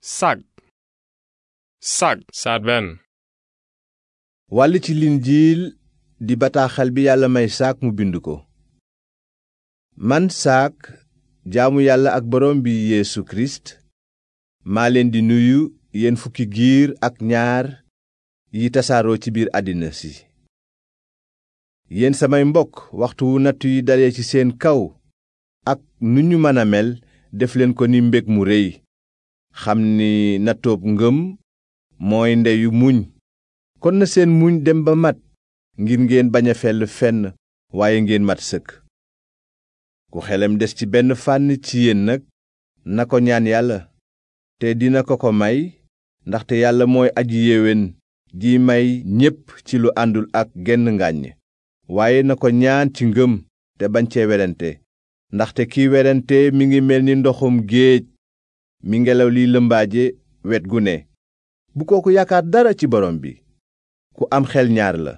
sag sag saar benn wàll ci linjiil di bataaxal bi yàlla may saak mu bind ko man saak jaamu yàlla ak borom bi yeesu kirist maa leen di nuyu yéen fukki giir ak ñaar yi tasaaroo ci biir àddina si yéen samay mbokk waxtu wu nattu yi dalee ci seen kaw ak nu ñu mën a mel def leen ko ni mbég mu réy xam ni nattoob ngëm mooy ndeyu muñ kon na seen muñ dem ba mat ngir ngeen bañ a fell fenn waaye ngeen mat sëkk ku xelam des ci benn fànn ci yéen nag na ko ñaan yàlla te dina ko ko may ndaxte yàlla mooy aji yéwén ji may ñépp ci lu àndul ak genn ngàññ waaye na ko ñaan ci ngëm te bañ cee werante ndaxte kiy werante mi ngi mel ni ndoxum géej mi ngelaw liy lëmbaaje wet gu ne bu kooku yaakaar dara ci borom bi ku am xel ñaar la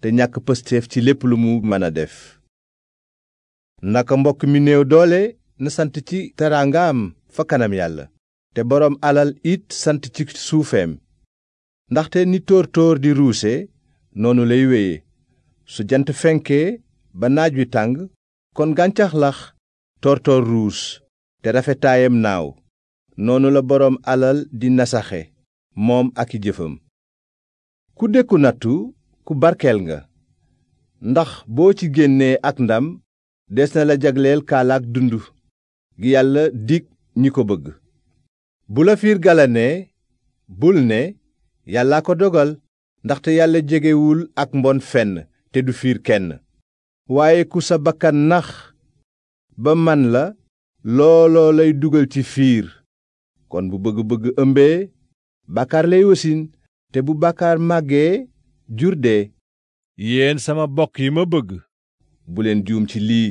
te ñàkk pësteef ci lépp lu mu mën a def naka mbokk mi néew doole na sant ci teraangaam fa kanam yàlla te borom alal it sant ci suufeem ndaxte ni tóor tóor di ruuse noonu lay wéye su jant fenkee ba naaj wi tàng kon gàncax lax tóor tóor ruus te rafetaayam naaw noonu la boroom alal di nasaxe moom ak jëfam ku dékku nattu ku barkeel nga ndax boo ci génnee ak ndam des na la jagleel kaalaak dund gi yàlla dikk ñi ko bëgg bu la fiir galanee bul ne yàllaa ko dogal ndaxte yàlla jegewul ak mbon fenn te du fiir kenn waaye ku sa bakkan nax ba man la looloo lay dugal ci fiir kon bu bëgg-bëgg ëmbee bàkkaar wasin te bu bàkkaar màggee jur dee yéen sama bokk yi ma bëgg bu leen juum ci lii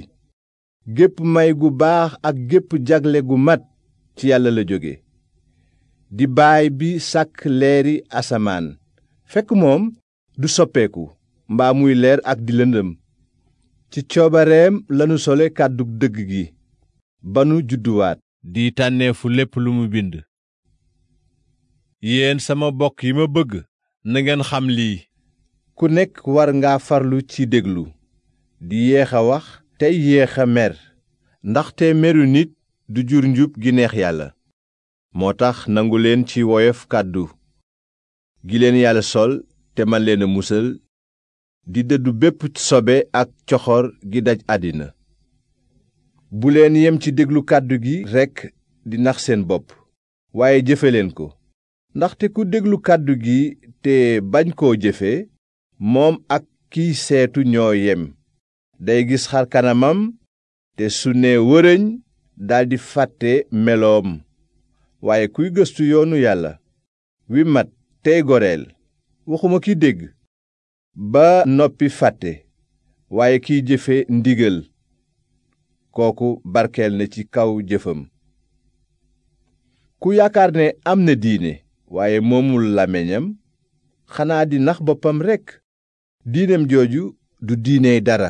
gépp may gu baax ak gépp jagle gu mat ci yàlla la jóge di baay bi sàkk leeri asamaan fekk moom du soppeeku mbaa muy leer ak di lëndëm ci coobareem lanu sole kàddu dëgg gi ba nu judduwaat di tànneefu lépp lu mu bind yéen sama bokk yi ma bëgg na ngeen xam lii ku nekk war nga farlu ci déglu di yéex a wax tey yéex a mer ndaxte meru nit du jur njub gi neex yàlla moo tax nangu leen ci woyof kàddu gi leen yàlla sol te man leen a musal di dëddu bépp sobe ak coxor gi daj àddina bu leen yem ci déglu kàddu gi rekk di nax seen bopp waaye jëfe leen ko ndaxte ku déglu kàddu gi te bañ koo jëfe moom ak kiy seetu ñoo yem day gis xar kanamam te su ne wërëñ daldi fàtte meloom waaye kuy gëstu yoonu yàlla wi mat tey goreel waxuma ki dégg ba noppi fàtte waaye kiy jëfe ndigal kooku barkeel na ci kaw jëfam ku yaakaar ne am na diine waaye moomul làmmiñam xanaa di nax boppam rekk diineem jooju du diiney dara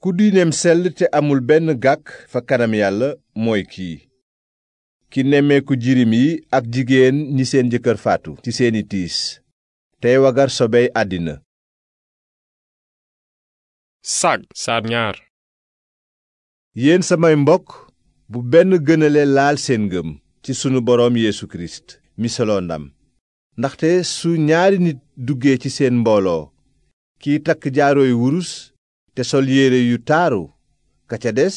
ku diineem sell te amul benn gàkk fa kanam yàlla mooy kii ki nemmeeku jirim yi ak jigéen ñi seen jëkkër faatu ci seeni tiis tey wagar sobey àddina sag yéen samay mbokk bu benn gënale laal seen ngëm ci sunu boroom yéesu Kirist mi solo ndam ndaxte su ñaari nit duggee ci seen mbooloo kiy takk jaarooy wurus te sol yére yu taaru ka ca des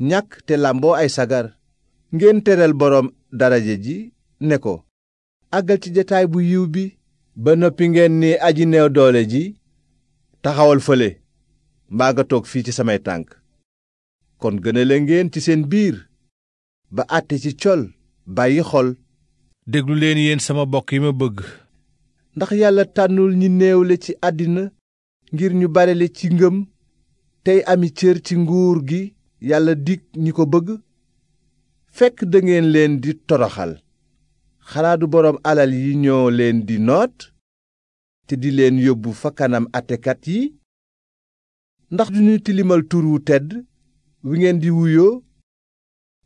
ñàkk te làmboo ay sagar ngeen teral boroom daraje ji ne ko àggal ci jataay bu yiw bi ba noppi ngeen ni aji neew doole ji taxawal fale mbaa nga toog fii ci samay tànk kon gënale ngeen ci seen biir ba àtte ci col bàyyi xol déglu leen yéen sama bokk yi ma bëgg ndax yàlla tànnul ñi néewle ci àddina ngir ñu barele ci ngëm tey ami cër ci nguur gi yàlla dig ñi ko bëgg fekk dangeen leen di toroxal xalaatu boroom alal yi ñoo leen di noot te di leen yóbbu fa kanam atekat yi ndax duñu tilimal tur wu tedd wi ngeen di wuyoo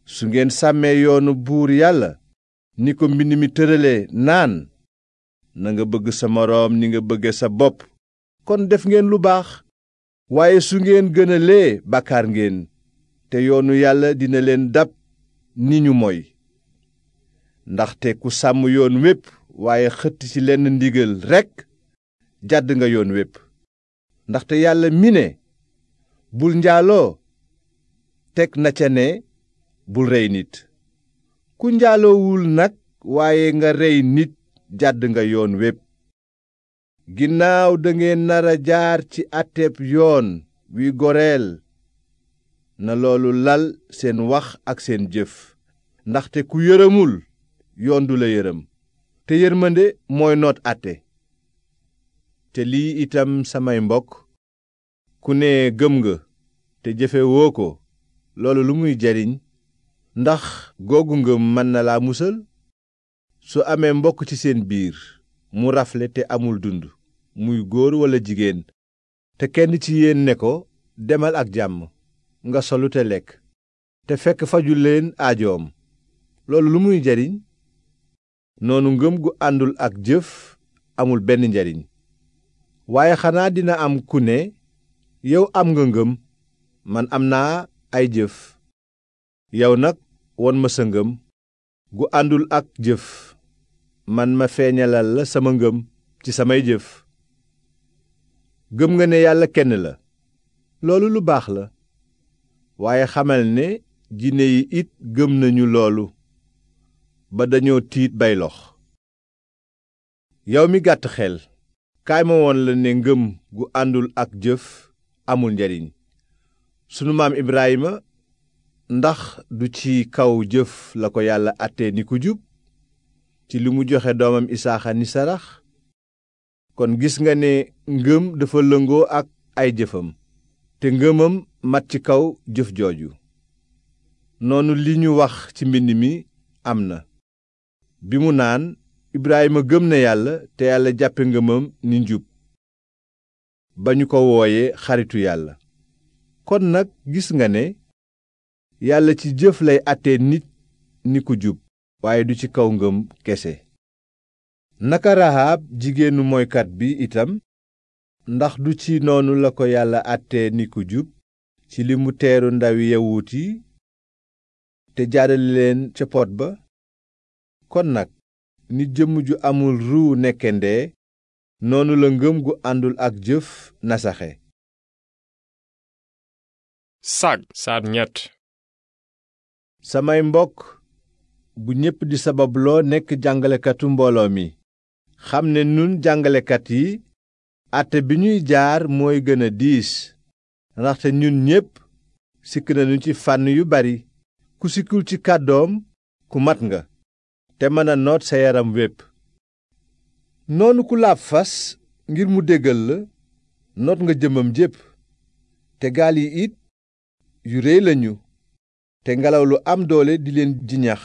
su ngeen sàmmee yoonu buur yàlla ni ko mbind mi tëralee naan na nga bëgg sa moroom ni nga bëgge sa bopp kon def ngeen lu baax waaye su ngeen gënalee bàkkaar ngeen te yoonu yàlla dina leen dab ni ñu moy ndaxte ku sàmm yoon wépp waaye xëtt ci lenn ndigal rekk jàdd nga yoon wépp ndaxte yàlla mi ne bul njaaloo teg na ca ne bul rey nit ku njaaloowul nag waaye nga rey nit jàdd nga yoon wépp ginnaaw dangeen nara jaar ci àtteeb yoon wi goreel na loolu lal seen wax ak seen jëf ndaxte ku yërëmul yoon du la yërëm te yërmande mooy noot àtte te lii itam samay mbokk ku ne gëm nga te jëfe woo ko loolu lu muy jariñ ndax googu ngëm mën na laa musal su amee mbokk ci seen biir mu rafle te amul dund muy góor walla jigéen te kenn ci yéen ne ko demal ak jàmm nga solu te lekk te fekk faju leen aajoom loolu lu muy jariñ noonu ngëm gu àndul ak jëf amul benn njariñ waaye xanaa dina am ku ne yow am nga ngëm man am naa ay jëf yow nag won ma sa ngëm gu àndul ak jëf man ma feeñalal la sama ngëm ci samay jëf gëm nga ne yàlla kenn la loolu lu baax la waaye xamal ne jinne yi it gëm nañu loolu ba dañoo tiit bay lox yow mi gàtt xel kaay ma woon la ne ngëm gu àndul ak jëf amul njariñ sunu maam Ibrahima ndax du ci kaw jëf la ko yàlla àttee ni ku jub ci li mu joxe doomam Isaaxa ni sarax kon gis nga ne ngëm dafa lëngoo ak ay jëfam te ngëmam mat ci kaw jëf jooju noonu li ñu wax ci mbind mi am na bi mu naan Ibrahima gëm na yàlla te yàlla jàppe ngëmam ni njub ba ñu ko wooye xaritu yàlla kon nag gis nga ne yàlla ci jëf lay àttee nit ni jub waaye du ci kaw ngëm kese naka rahaab jigéenu moykat bi itam ndax du ci noonu la ko yàlla àttee ni ku jub ci li mu teeru ndawi yawut yi te jaarale leen ca pot ba kon nag ni jëmm ju amul ruu nekke ndee noonu la ngëm gu àndul ak jëf nasaxe sag samay mbokk bu ñépp di sababloo nekk jàngalekatu mbooloo mi xam ne nun jàngalekat yi àtte bi ñuy jaar mooy gëna diis ndaxte ñun ñépp sikk nañu ci fànn yu bari ku sikkul ci kàddoom ku mat nga te mën a noot sa yaram wépp noonu ku laab fas ngir mu déggal la noot nga jëmam jépp te gaal yi it yu réy lañu te ngelaw lu am doole di leen jiñax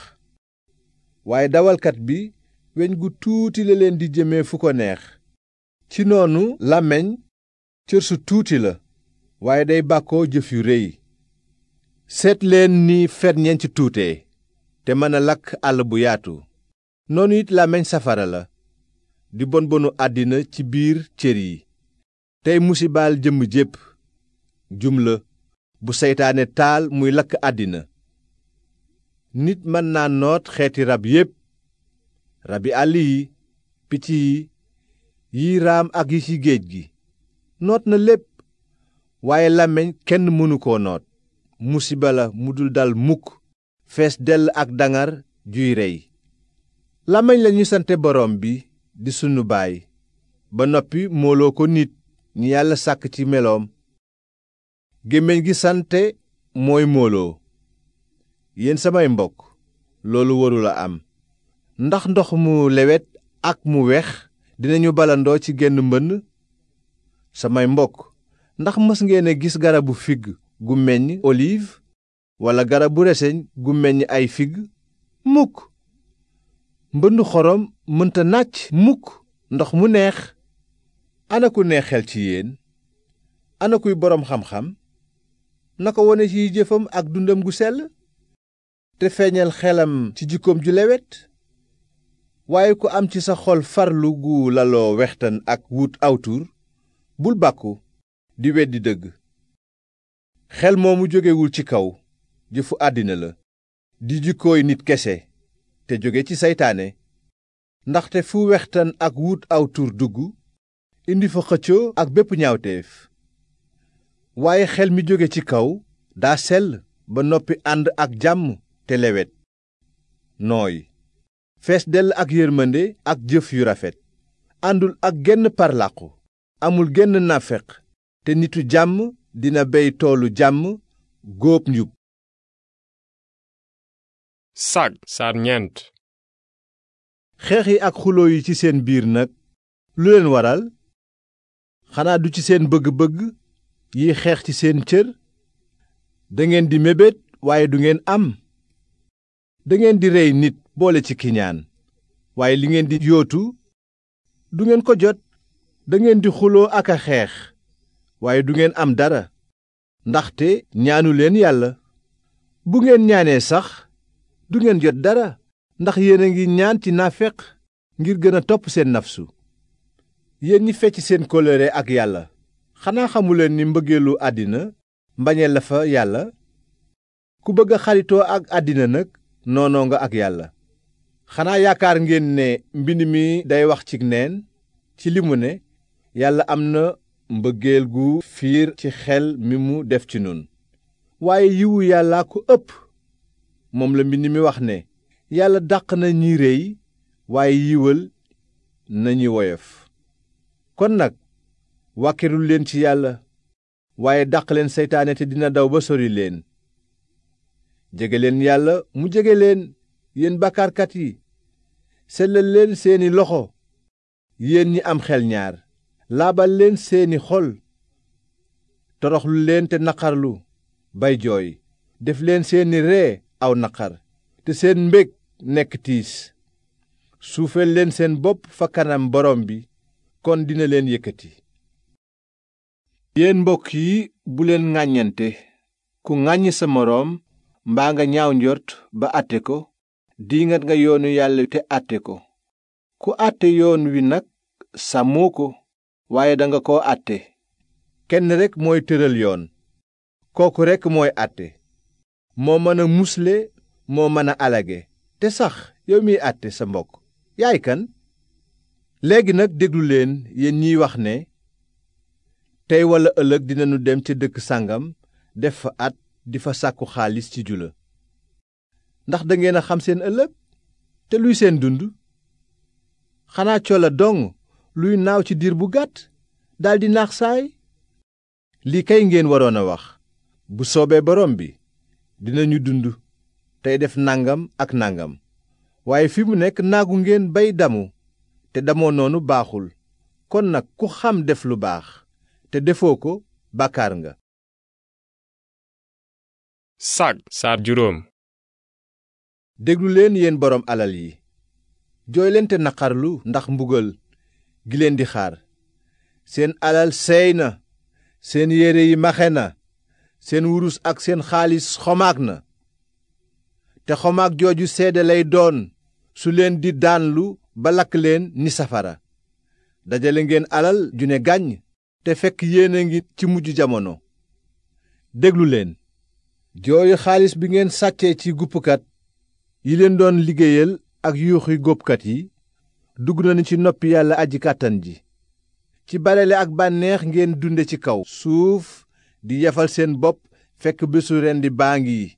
waaye dawalkat bi weñ gu tuuti la leen di jëmee fu ko neex ci noonu làmmiñ cër su tuuti la waaye day bàkkoo jëf yu réy seet leen ni ferñeent ci tuute te mën a lakk àll bu yaatu noonu it làmmiñ safara la di bon bonu àddina ci biir cër yi tey musibaal jëmm jépp jumla bu seytaane taal muy lakk àddina nit mën naa noot xeeti rab yépp rabi àll yi picc yi yi raam ak yi ci géej gi noot na lépp waaye làmmiñ kenn mënu koo noot musiba la mu dul dal mukk fees dell ak dangar juy rey làmmiñ lañu sante boroom bi di sunu baay ba noppi mooloo ko nit ñi yàlla sàkk ci meloom gémmiñ gi sante mooy mbooloo yéen samay mbokk loolu warul a am ndax ndox mu lewet ak mu wex dinañu balandoo ci genn mbënn samay mbokk ndax mës ngeen a gis garabu figg gu meññ olive walla garabu reseñ gu meññ ay figg mukk mbënn xorom mënta nàcc mukk ndox mu neex ana ku xel ci yéen ana kuy boroom xam-xam na ko wone ci jëfam ak dundam gu sell te feeñal xelam ci jikkoom ju lewet waaye ku am ci sa xol farlu gu laloo wextan ak wut awtur bul bàkku di weddi dëgg xel moomu jógewul ci kaw jëfu àddina la di jikkooy nit kese te jóge ci seytaane ndaxte fu wextan ak wut aw tur dugg indi fa xëccoo ak bépp ñaawteef waaye xel mi jóge ci kaw daa sell ba noppi ànd ak jàmm te lewet nooy fees dell ak yërmande ak jëf yu rafet àndul ak genn parlaqu amul genn nafeq te nitu jàmm dina bey toolu jàmm góob njub sag saar xeex yi ak xuloo yi ci seen biir nag lu leen waral xanaa du ci seen yi xeex ci seen cër dangeen di mébét waaye du ngeen am dangeen di rey nit boole ci kiñaan waaye li ngeen di yootu du ngeen ko jot dangeen di xuloo ak a xeex waaye du ngeen am dara ndaxte ñaanu leen yàlla bu ngeen ñaanee sax du ngeen jot dara ndax yéen a ngi ñaan ci naafeq ngir gën a topp seen nafsu yéen ñi fecc seen kóllëre ak yàlla xanaa xamuleen ni mbëggeelu àddina mbañeel la fa yàlla ku bëgg a xaritoo ak àddina nag noonoo nga ak yàlla xanaa yaakaar ngeen ne mbind mi day wax ci neen ci li mu ne yàlla am na mbëggeel gu fiir ci xel mi mu def ci nun waaye yiwu yàlla ko ëpp moom la mbind mi wax ne yàlla dàq na ñi réy waaye yiwal na ñi woyof kon nag wàkkirul leen ci yàlla waaye dàq leen seytaane te dina daw ba sori leen jege leen yàlla mu jege leen yéen bàkkaarkat yi sellal leen seeni loxo yéen ñi am xel ñaar laabal leen seeni xol toroxlu leen te naqarlu bay jooy def leen seeni ree aw naqar te seen mbég nekk tiis suufeel leen seen bopp fa kanam borom bi kon dina leen yëkkati yéen mbokk yi bu leen ŋàññante ku ŋàññ sa moroom mbaa nga ñaaw njot ba àtte ko diingat nga yoonu yàlla te àtte ko ku àtte yoon wi nag sàmmoo ko waaye danga ko àtte kenn rekk mooy tëral yoon kooku rekk mooy àtte moo mën a musle moo mën a alage te sax yow miy àtte sa mbokk yaay kan léegi nag déglu leen yéen ñiy wax ne tey walla ëllëg dinañu dem ca dëkk sàngam def fa at di fa sàkku xaalis ci jula ndax dangeen a xam seen ëllëg te luy seen dund xanaa cola dong luy naaw ci diir bu gàtt daldi naax saay lii kay ngeen waroon a wax bu soobee borom bi dinañu dund tey def nangam ak nangam waaye fi mu nekk naagu ngeen bay damu te damoo noonu baaxul kon nag ku xam def lu baax te defoo ko bàkkaar nga sag saab juróom déglu leen yéen boroom alal yi jooy te naqarlu ndax mbugal gi leen di xaar seen alal seey na seen yére yi maxe na seen wurus ak seen xaalis xomaag na te xomaag jooju sedd lay doon su leen di daanlu ba lakk leen ni safara dajale ngeen alal ju ne gàññ te fekk yéen ngi ci mujj jamono déglu leen jooyu xaalis bi ngeen sàccee ci guppkat yi leen doon liggéeyal ak yuuxi góobkat yi dugg nañu ci noppi yàlla aji kàttan ji ci balele ak bànneex ngeen dunde ci kaw suuf di yafal seen bopp fekk bésu rendi baa ngi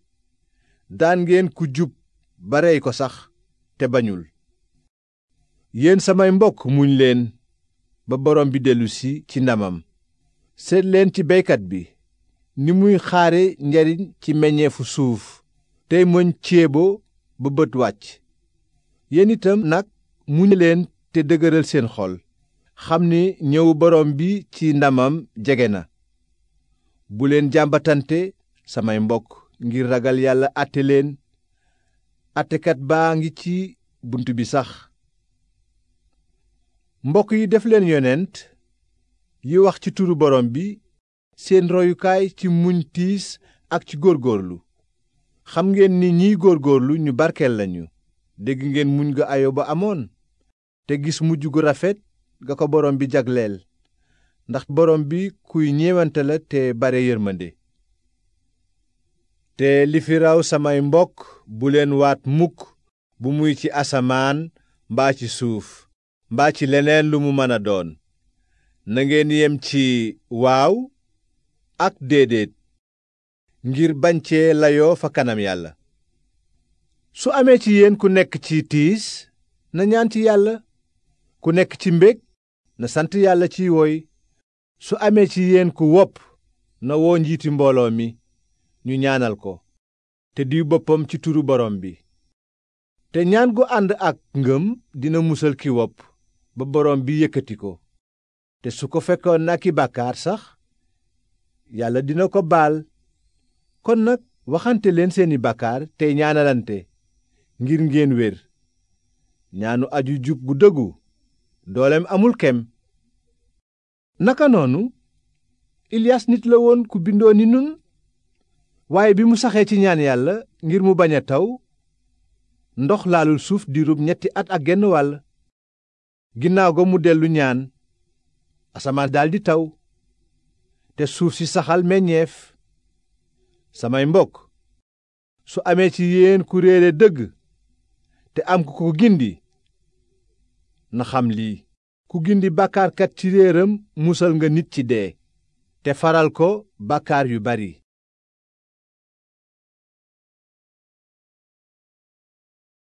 daan ngeen ku jub ba rey ko sax te bañul yéen samay mbokk muñ leen ba borom bi dellusi ci ndamam seet ci baykat bi ni muy xaare njariñ ci meññeefu suuf tey moñ ceebo ba bët wàcc yéen itam nag muñ leen te dëgëral seen xol xam ni ñëwu borom bi ci ndamam jege na buleen leen jàmbatante samay mbokk ngir ragal yàlla àtte leen àttekat baa ngi ci bunt bi sax mbokk yi def leen yonent yi wax ci turu borom bi seen royukaay ci muñ tiis ak ci góorgóorlu xam ngeen ni ñiy góorlu ñu barkeel lañu dégg ngeen muñ ga ba amoon te gis mujj gu rafet nga ko borom bi jagleel ndax borom bi kuy ñeewante la te bare yërmande te li fi raw samay mbokk bu leen waat mukk bu muy ci asamaan mbaa ci suuf mbaa ci leneen lu mu mën a doon na ngeen yem ci waaw ak déedéet ngir bancee layoo fa kanam yàlla su amee ci yéen ku nekk ci tiis na ñaan ci yàlla ku nekk ci mbég na sant yàlla ci woy su amee ci yéen ku wopp na woo njiiti mbooloo mi ñu ñaanal ko te diw boppam ci turu borom bi te ñaan gu ànd ak ngëm dina musal ki wopp ba boroom bi yëkkati ko te su ko fekkoon na i bàkkaar sax yàlla dina ko baal kon nag waxante leen seeni bàkkaar tey ñaanalante ngir ngeen wér ñaanu aju jub gu dëggu doolem amul kem naka noonu Ilias nit la woon ku bindoo ni nun waaye bi mu saxee ci ñaan yàlla ngir mu bañ a taw ndox laalul suuf diirub ñetti at ak genn wàll ginnaaw ga mu dellu ñaan asamaan daldi taw te suuf si saxal meññeef samay mbokk su amee ci yéen ku réere dëgg te am ku ko gindi na xam lii ku gindi bàkkaarkat ci réeram musal nga nit ci dee te faral ko bàkkaar yu bari